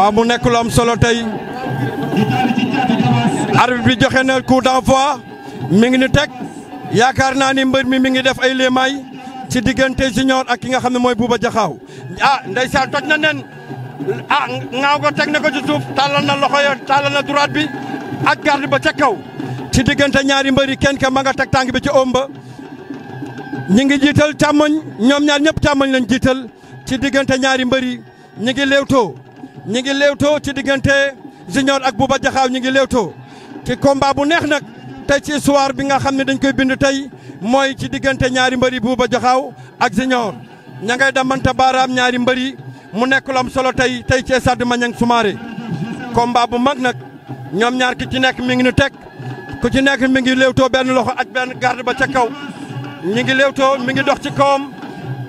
waaw mu nekk am solo tey arbitre bi joxe na coup d'envoi mi ngi ni teg yaakaar naa ni mbër mi mi ngi def ay léemaay ci diggante junior ak ki nga xam ne mooy Bouba Jaxaaw ah ndeysaan toj na nen ah ngaaw ko teg na ko ci suuf tàllal na loxo yo tàllal na droite bi ak garde ba ca kaw ci diggante ñaari mbër yi kenn ka nga teg tàng bi ca omba ñi ngi jiital càmmoñ ñoom ñaar ñëpp càmmoñ lañ jiital ci diggante ñaari mbër yi ñi ngi léewtoo ñi ngi lewtoo ci diggante Junior ak Bouba Jaxaaw ñi ngi léewtoo ci combat bu neex nag tey ci soir bi nga xam ne dañ koy bind tey mooy ci diggante ñaari mbëri Bouba Jaxaaw ak Junior ña ngay damante baaraam ñaari mbëri mu nekk lu solo tey tey ci stade Maniang Soumaré combat bu mag nag ñoom ñaar ki ci nekk mi ngi nu teg ku ci nekk mi ngi léewtoo benn loxo ak benn garde ba ca kaw ñi ngi léewtoo mi ngi dox ci kawam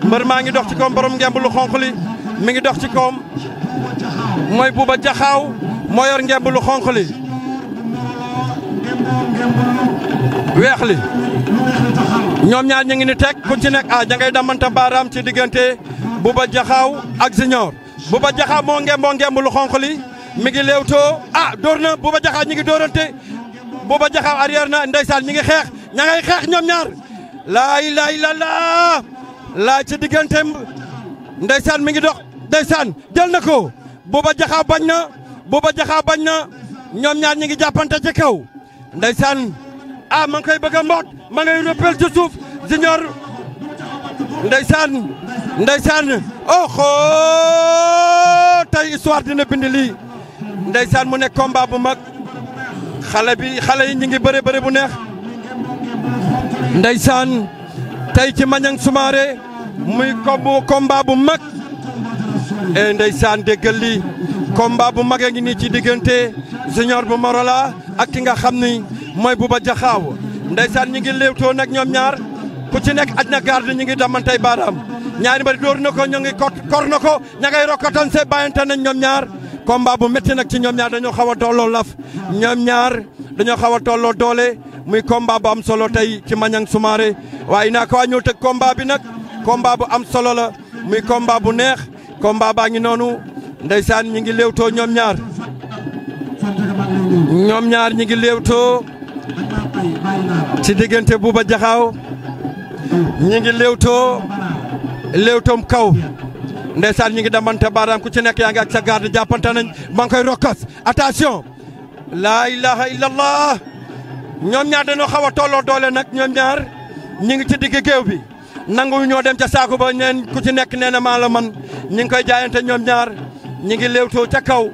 mbër maa ngi dox ci kawam borom ngemb lu xonq li mi ngi dox ci kawam mooy Bouba Jaxaaw moo yor ngemb lu xonq li weex li ñoom ñaar ñu ngi ni teg ku ci nekk ah ña ngay damante baaraam ci diggante Bouba jaxaw ak Junior Bouba Jaxaaw moo ngemboo ngemb lu xonq li mi ngi léewtoo a ah, dóor na Bouba Jaxaaw ñi ngi dóorante Bouba Jaxaaw arrière na ndeysaan ñi ngi xeex ña ngay xeex ñoom ñaar laa ilaaha illallaah laa ci diggante ndeysaan mi ngi dox ndeysaan jël na ko boba jaxa bagnna boba jaxa bagnna ñom ñaar ñi ngi ci kaw ndaysan ah ma ngay bëgg a ma ngay rappel ci suuf junior ndaysan ndeysaan oho tay histoire dina bind li ndaysan mu nekk combat bu mag xalé bi xalé yi ñi ngi bëre bu neex ndaysan tay ci mañang sumaré muy combat bu mag e ndeysaan déggal li combat bu mag a ngi nii ci diggante Junior bu Morola ak ki nga xam ni mooy bu Bouba Jaxaaw ndeysaan ñi ngi léewtoo nag ñoom ñaar ku ci nekk aj na garde ñi ngi tey baaraam ñaari mbari dóor na ko ñoo ngi kor na ko ña ngay rokkatan se bàyyante nañ ñoom ñaar combat bu métti nag ci ñoom ñaar dañoo xaw a tolloo laf ñoom ñaar dañoo xaw a tolloo doole muy combat bu am solo tey ci Maniang Soumaré waaye naa ko waa ñëw tëg combat bi nag combat bu am solo la muy bu neex combat baa ngi noonu ndeysaan ñi ngi léewtoo ñoom ñaar ñoom ñaar ñi ngi léewtoo ci diggante Bouba jaxaw ñi ngi léewtoo léewtoom kaw ndeysaan ñi ngi damante baaraam ku ci nekk yaa ngi ak sa garde jàppante nañ maa ngi koy rokkas attention laa ilaha illallah ñoom ñaar dañoo xaw a tolloo doole nag ñoom ñaar ñi ngi ci digg géew bi nanguwu ñoo dem ca saako ba neen ku ci nekk nee na maa la man ñi ngi koy jaayante ñoom ñaar ñi ngi léewtoo ca kaw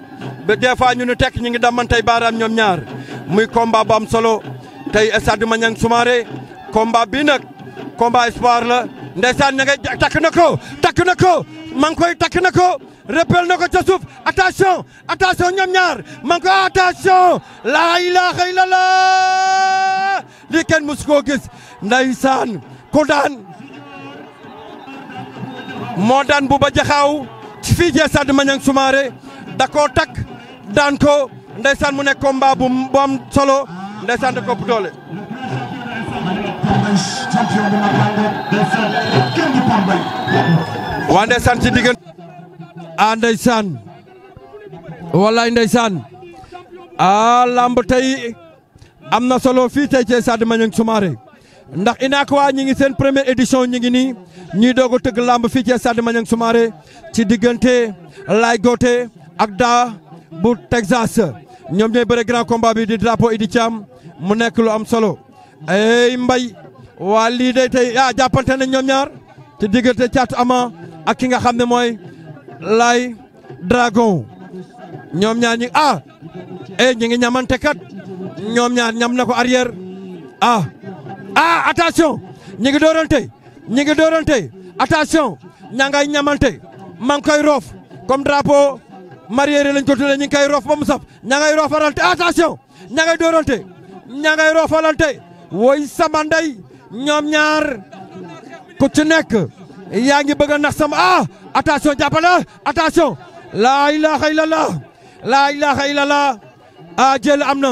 ba des fois ñu nu tekk ñi ngi tey baaraam ñoom ñaar muy combat bu am solo tey stade Maniang Soumaré combat bii nag combat espoir la ndeysaan ña ngay takk na ko takk na ko maa ngi koy takk na ko rappel na ko ca suuf attention attention ñoom ñaar maa ngi koy attention laa ilaaha illallah lii kenn musu koo gis ndeysaan ku daan moo daan Bouba Diakhao fii jee Sadio Maniang Soumaré da koo tak ko mu nek combat bu bom solo ndaysan da ko Wanda doole. waa ci diggante. ah ndeysaan wala ndeysaan ah lamb tay amna solo fii tey jee Sadio sumaré ndax Inakwa ñi ngi seen premier édition ñi ngi nii ñuy doog a tëgg làmb fii ci stade Maniang Soumaré ci diggante Laye Gothé ak Da bu Texas ñoom ñooy bëre grand combat bi di drapeau Idi Thiam mu nekk lu am solo ey mbay waa lii day tey ah jàppante nañ ñoom ñaar ci diggante caat Ama ak ki nga xam ne mooy lay Dragon ñoom ñaar ñi ah ey eh, ñi ngi ñamante kat ñoom ñaar ñam na ko arrière ah ah attention ñu ngi doorante ñu ngi doorante attention ña ngay ñamante maa ngi koy roof comme drapeau mareyeur lañ ko tuddee ñu ngi koy roof ba mu saf ña ngay roofalante attention ña ngay doorante ña ngay roofalante woy sama ñoom ñaar ku ci nekk yaa ngi bëgg a nax sama ah attention jàppale attention laa ilaha illallah laa ilaha illallah ah jël am na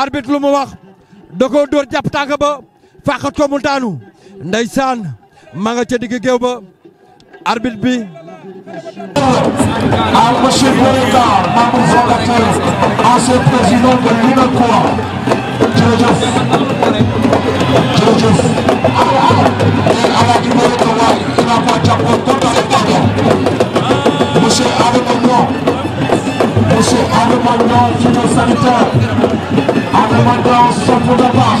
arbitre lu mu wax da ko dóor jàpp ba fakat ko mu daanu ndeysaan ma nga ci digge gew ba arbitre bi al bashir Beauregard ma convocateur ancien president de l'UNACOIS jërëjëf jërëjëf Alaaji Beauregard waay il n'a pas jàppoon kontaan pardon monsieur Adama Niang monsieur Adama Niang phytosanitaire Adama Niang sopp de baax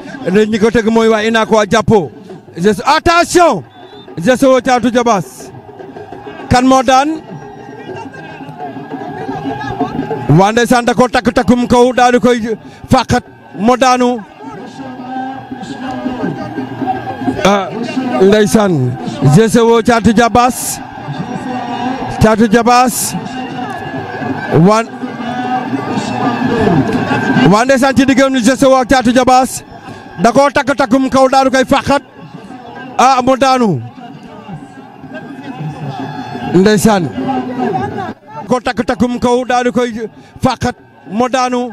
ñi ko tëgg mooy waa INACO waa jàppo Gesso attention Gesso Thiatou Diobass kan moo daan waa ndeysaan da koo takk takkum kaw daal di koy fàqat moo daanu ah ndeysaan Gesso Thiatou Diobass Thiatou Diobass waa waa ndeysaan ci diggam Gesso ak Thiatou Diobass da koo takk takkum kaw daanu koy fàqat ah moo daanu ndeysaan koo takk takkum kaw daanu koy fàqat moo daanu